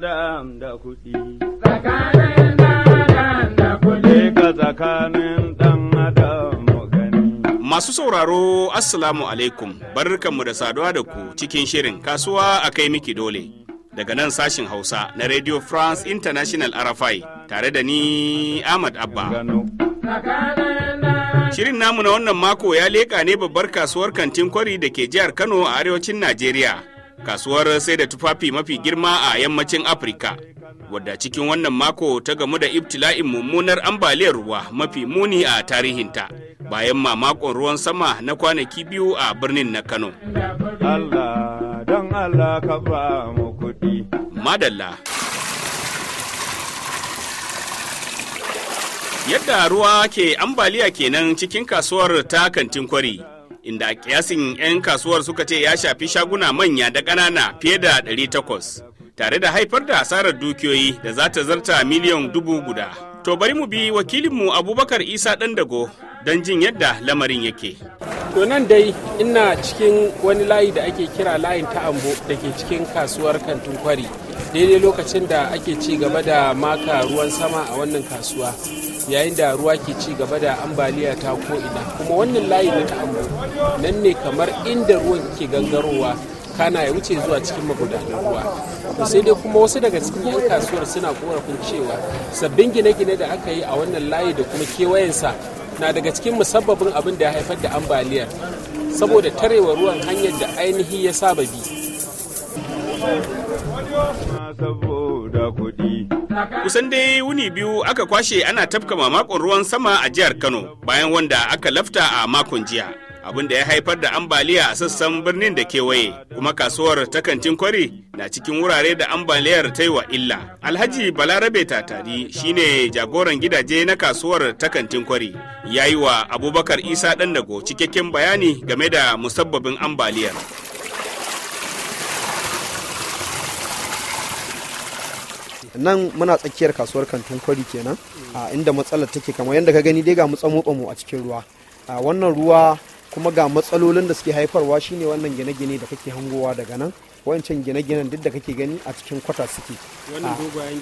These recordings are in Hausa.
da kuɗi. da kuɗi. Ka tsakanin dan adam Masu sauraro Assalamu alaikum barkanmu da saduwa da ku cikin shirin kasuwa a kai miki dole. Daga nan sashin Hausa na Radio France International RFI tare da ni Ahmad Abba. Shirin namu na wannan mako ya leƙa ne babbar kasuwar kantin kwari da ke jihar Kano a arewacin Najeriya kasuwar sai da tufafi mafi girma a yammacin afirka wadda cikin wannan mako ta gamu da ibtila'in mummunar ambaliyar ruwa mafi muni a tarihinta bayan mamakon ruwan sama na kwanaki biyu a birnin na kano yadda ruwa ke ambaliya kenan cikin kasuwar ta kantin kwari inda kiyasin 'yan kasuwar suka ce ya shafi shaguna manya da ƙanana fiye da 800 tare da haifar da asarar dukiyoyi da za ta zarta miliyan dubu guda. To bari mu bi wakilinmu Abubakar Isa dago don jin yadda lamarin yake. To nan dai ina cikin wani layi da ake kira layin ta ambo da ke cikin kasuwar kantin kwari. daidai lokacin da ake ci gaba da maka ruwan sama a wannan kasuwa yayin da ruwa ke ci gaba da ambaliya ta ina kuma wannan layi na ta'ambo nan ne kamar inda ruwan ke gangarowa kana ya wuce zuwa cikin magudanar ruwa to sai dai kuma wasu daga cikin 'yan kasuwar suna korafin cewa sabbin gine-gine da aka yi a wannan layi da kuma kewayensa na daga cikin musabbabin abin da ya haifar da ambaliyar saboda tarewa ruwan hanyar da ainihi ya saba bi Kusan dai wuni biyu aka kwashe ana tafkama mamakon ruwan sama a jihar Kano bayan wanda aka lafta a makon jiya. abin da ya haifar da ambaliya a sassan birnin da kewaye kuma kasuwar takantin kwari na cikin wurare da ambaliyar ta yi wa illa alhaji balarabe tatari ne jagoran gidaje na kasuwar takantin kwari ya yi wa abubakar isa ɗan dago cikakken bayani game da musabbabin ambaliyar nan muna tsakiyar kasuwar kantin kwari kenan mm. a inda matsalar take kamar yadda ka gani dai ga mutsa mu a cikin ruwa a wannan ruwa kuma ga matsalolin da suke haifarwa shine wannan gine-gine da kake hangowa daga nan wancan gine-ginen duk da kake gani a cikin kwata suke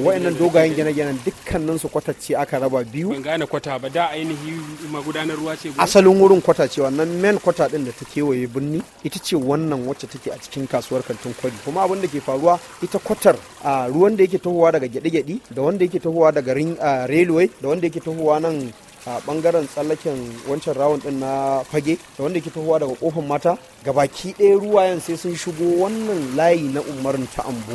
wa'annan ah, dogayen gine-ginen dukkanin su kwata ce aka raba biyu ban asalin wurin kwata ce wannan main kwata din da ta kewaye birni ita ce wannan wacce take a cikin kasuwar kantin kwari kuma abin da ke faruwa ita kwatar a ruwan da yake tahowa daga gyaɗe-gyaɗe da wanda yake tahowa daga railway da wanda yake tahowa nan a bangaren tsallaken wancan rawan din na fage da wanda ke tahowa daga kofin mata gabaki ɗaya ruwayen sai sun shigo wannan layi na umarin ta ambo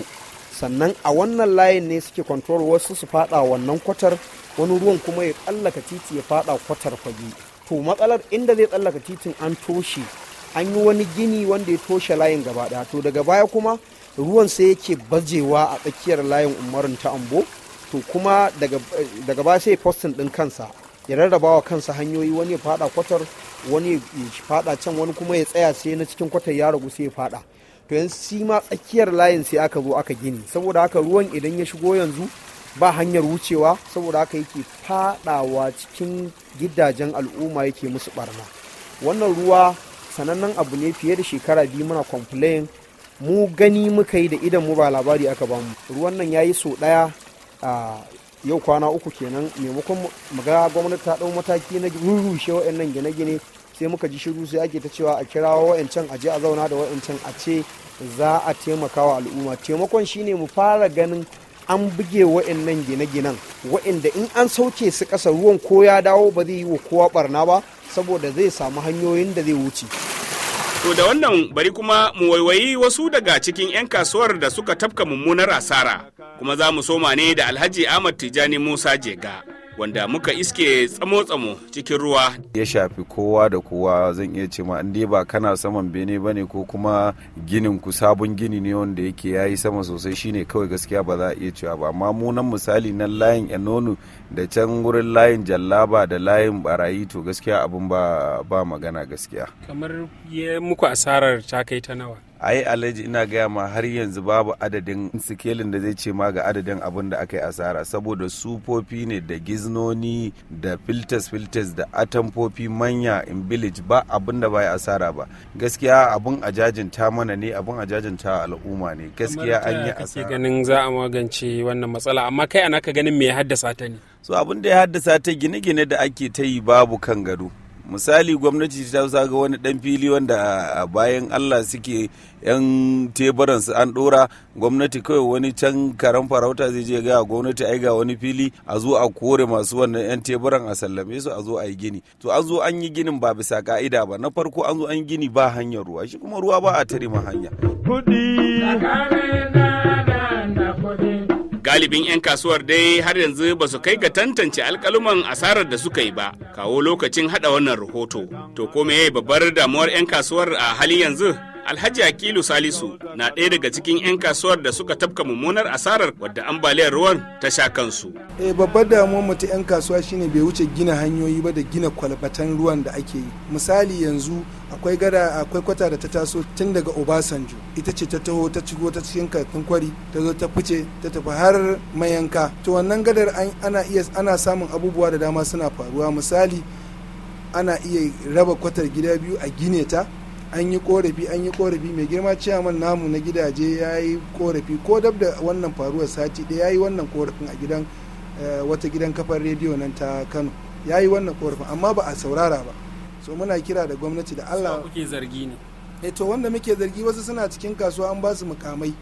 sannan a wannan layin ne suke kwantar wasu su fada wannan kwatar wani ruwan kuma ya tsallaka titi ya fada kwatar fage to matsalar inda zai tsallaka titin an toshe an yi wani gini wanda ya toshe layin gaba daya to daga baya kuma ruwan sai yake bajewa a tsakiyar layin umarin ta ambo to kuma daga eh, baya sai postin din kansa ya rarraba wa kansa hanyoyi wani ya fada kwatar wani ya fada can wani kuma ya tsaya sai na cikin kwatar ya ragu sai ya fada to yanzu ma tsakiyar layin sai aka zo aka gini saboda haka ruwan idan ya shigo yanzu ba hanyar wucewa saboda haka yake fadawa cikin gidajen al'umma yake musu barna wannan ruwa sanannen abu ne fiye da shekara biyu muna complain mu gani muka yi da idan mu ba labari aka bamu ruwan nan ya yi so ɗaya a ah, yau kwana uku kenan maimakon mu gwamnati ta ɗau mataki na rurrushe wa'annan gine-gine sai muka ji shiru sai ake ta cewa a kirawo wa'ancan a je a zauna da wa'ancan a ce za a taimaka wa al'umma taimakon shine mu fara ganin an buge wa'annan gine-ginen wa'anda in an sauke su ƙasa ruwan ko ya dawo ba zai yi wa kowa barna ba saboda zai samu hanyoyin da zai wuce To da wannan bari kuma mu waiwayi wasu daga cikin 'yan kasuwar da suka tafka mummunar asara, kuma za mu soma ne da Alhaji Ahmad Tijani Musa Jega. wanda muka iske tsamo-tsamo cikin ruwa. Ya shafi kowa da kowa zan iya ce ma dai ba kana saman bene ba ne ko kuma ginin ku sabon gini ne wanda yake yayi sama sosai shine kawai gaskiya ba za a iya cewa ba amma mu nan misali nan layin enonu da can wurin layin jallaba da layin barayi to gaskiya abin ba ba magana gaskiya. Kamar ya muku asarar ta kai ta nawa? ai alhaji ina gaya ma har yanzu babu adadin sikelin da zai ce ma ga adadin abin da aka yi asara saboda sufofi ne da giznoni da filters filters da atamfofi manya in village ba abin da ba ya asara ba gaskiya abin a ta mana ne abin a ta al'umma ne gaskiya an yi asara ganin za a magance wannan matsala amma kai ana ka ganin me ya haddasa ta ne so abin da ya haddasa ta gine-gine da ake ta yi babu kan gado misali gwamnati ta zaga wani dan fili wanda a bayan allah suke yan teburansu an dora gwamnati kawai wani can karan farauta zai je ga gwamnati ai ga wani fili a zo a kore masu wannan yan teburan a sallame su a zo a yi gini to an zo an yi ginin ba bisa ka'ida ba na farko an zo an yi gini ba hanyar ruwa shi kuma ruwa ba a tare ma hanya kudi galibin 'yan kasuwar dai har yanzu ba su kai ga tantance alkaluman asarar da suka yi ba kawo lokacin hada wannan rahoto to ko babbar damuwar 'yan kasuwar a halin yanzu Alhaji Akilu Salisu na ɗaya daga cikin 'yan kasuwar da suka tafka mummunar asarar wadda ambaliyar ruwan ta sha kansu. Eh babbar damuwar mu ta 'yan kasuwa shine bai wuce gina hanyoyi ba da gina kwalbatan ruwan da ake yi. Misali yanzu akwai gada akwai kwata da ta taso tun daga Obasanjo ita ce ta taho ta cigo ta cikin kafin kwari ta zo ta fice ta tafi har mayanka. To wannan gadar ana iya ana samun abubuwa da dama suna faruwa misali ana iya raba kwatar gida biyu a gine ta an yi korafi an yi korafi mai girma man namu na gidaje ya yi korafi ko dab da wannan faruwar sati ɗaya ya yi wannan korafin a gidan eh, wata gidan kafar rediyo nan ta kano ya yi wannan korafin amma ba a saurara ba so muna kira da gwamnati da allah kuke zargi ne e to wanda muke zargi wasu suna cikin kasuwa an ba su mukamai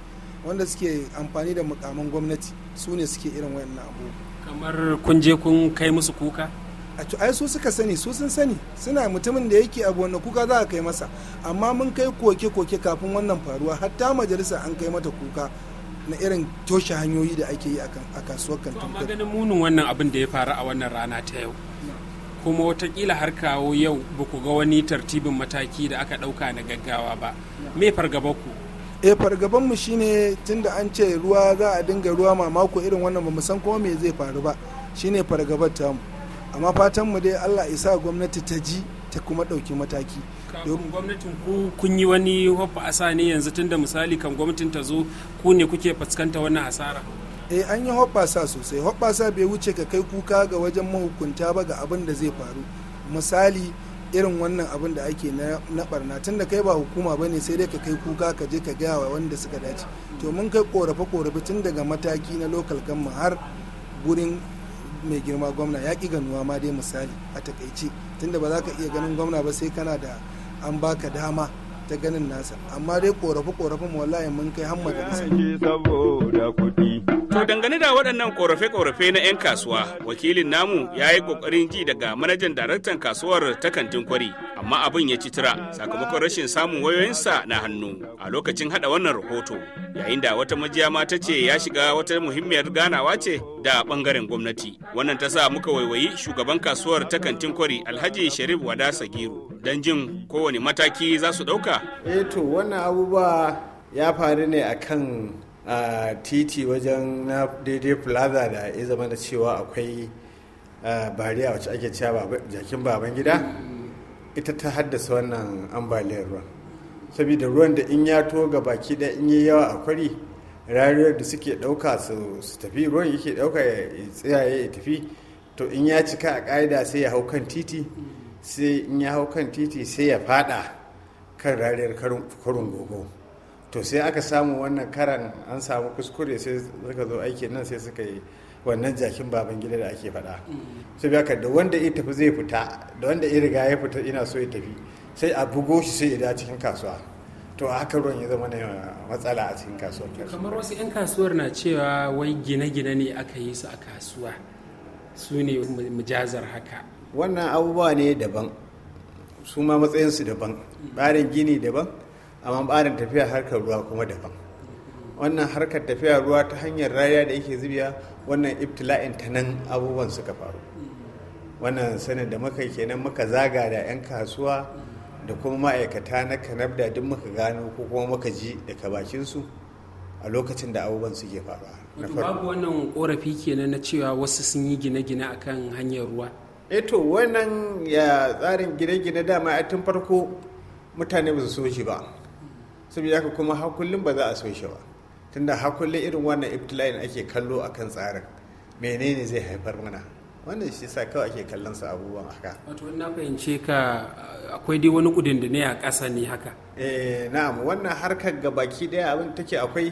wanda suke amfani da mukaman gwamnati su ne suke irin wayannan abubuwa kamar kun je kun kai musu kuka a to ai su suka sani su sun sani suna mutumin da yake abu wanda kuka za a kai masa amma mun kai koke koke kafin wannan faruwa hatta majalisa an kai mata kuka na irin toshe hanyoyi da ake yi a kasuwar kantin kuma ganin munin wannan abin da ya faru a wannan rana ta yau kuma watakila har kawo yau ba ku ga wani tartibin mataki da aka ɗauka na gaggawa ba me fargaba ku e fargaban mu shine tunda an ce ruwa za a dinga ruwa mamako irin wannan ba mu san kuma me zai faru ba shine fargabar tamu amma fatan mu dai Allah isa gwamnati ta ji ta kuma ɗauki mataki gwamnatin ku kun yi wani hoffa asa ne yanzu tunda misali kan gwamnatin ta zo ku ne kuke fuskanta wannan asara. eh an yi sa sosai sa bai wuce ka kai kuka ga wajen mahukunta ba ga abin da zai faru misali irin wannan abin da ake na barna tun da kai ba hukuma ba ne sai dai ka kai kuka ka je ka gaya wa wanda suka dace to mun kai korafe korafe tun daga mataki na local gamma har gurin mai girma gwamna ya ƙi ganuwa ma dai misali a takaice tunda ba za ka iya ganin gwamna ba sai kana da an baka dama ta ganin nasa amma dai korafi korafi wallahi mun kai hamma da saboda to dangane da waɗannan korafe korafe na 'yan kasuwa wakilin namu ya yi ƙoƙarin ji daga manajan daraktan kasuwar ta kantin kwari amma abin ya ci tura sakamakon rashin samun wayoyinsa na hannu a lokacin hada wannan rahoto yayin da wata majiya mata ce ya shiga wata muhimmiyar ganawa ce da bangaren gwamnati wannan ta sa muka waiwayi shugaban kasuwar ta kantin kwari alhaji sharif wada sagiru don jin kowane mataki za su ɗauka. Eh to wannan abubuwa ya faru ne akan kan titi wajen na daidai plaza da ya zama da cewa akwai bariya wacce ake cewa jakin baban gida. ita ta haddasa wannan ambaliyar ruwa saboda ruwan da in ya ga baki da in yi yawa a kwari rariyar da suke ɗauka su tafi ruwan yake ɗauka ya tsaye ya tafi to in ya cika a ƙa'ida sai ya hau kan titi sai in ya hau kan titi sai ya faɗa kan rariyar karin gogo to sai aka samu wannan karan an samu kuskure sai suka zo aiki nan sai suka yi wannan jakin babangida da ake faɗa sai biya da wanda ya tafi zai fita da wanda ya riga ya fita ina so ya tafi sai a bugo shi sai ya da cikin kasuwa to a haka ruwan ya zama matsala a cikin kasuwar kamar wasu 'yan kasuwar na cewa wai gine-gine ne aka yi su a kasuwa su ne mujazar haka wannan abubuwa ne daban su ma matsayinsu daban barin gini daban amma barin tafiya harkar ruwa kuma daban wannan harkar tafiya ruwa ta hanyar rariya da yake zubiya wannan ibtila'in ta nan abubuwan suka faru wannan sanin da muka kenan muka zaga da 'yan kasuwa da kuma ma'aikata na kanabda duk muka gano ko kuma muka ji daga bakinsu a lokacin da abubuwan suke faruwa babu wannan korafi kenan na cewa wasu sun yi gine-gine akan hanyar ruwa eto eh wannan ya tsarin gine-gine dama a tun farko mutane ba su so shi ba saboda haka kuma har kullum ba za a so shi ba tunda hakulle irin wannan ibtila'in ake kallo a kan tsarin menene zai haifar mana wannan shi sa kawai ake kallon sa abubuwan haka wato na fahimce ka akwai dai wani kudin da ne a ƙasa ne haka eh na'am wannan harkar gabaki daya abin take akwai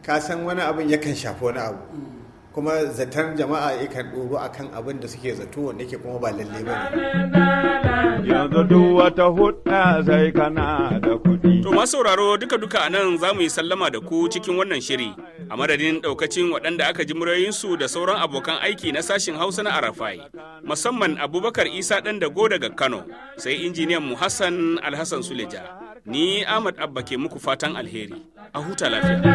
ka san wani abin yakan shafi wani abu mm. kuma zatar jama'a yakan ɗoro a kan abin da suke zato wanda yake kuma ba lalle ba yanzu duk wata hudda sai kana da kuɗi to masu sauraro duka duka nan za mu yi sallama da ku cikin wannan shiri a madadin daukacin waɗanda aka ji muryoyinsu da sauran abokan aiki na sashin hausa na arafai musamman abubakar isa ɗan go daga kano sai injiniyan mu hassan alhassan suleja ni ahmad abba ke muku fatan alheri a huta lafiya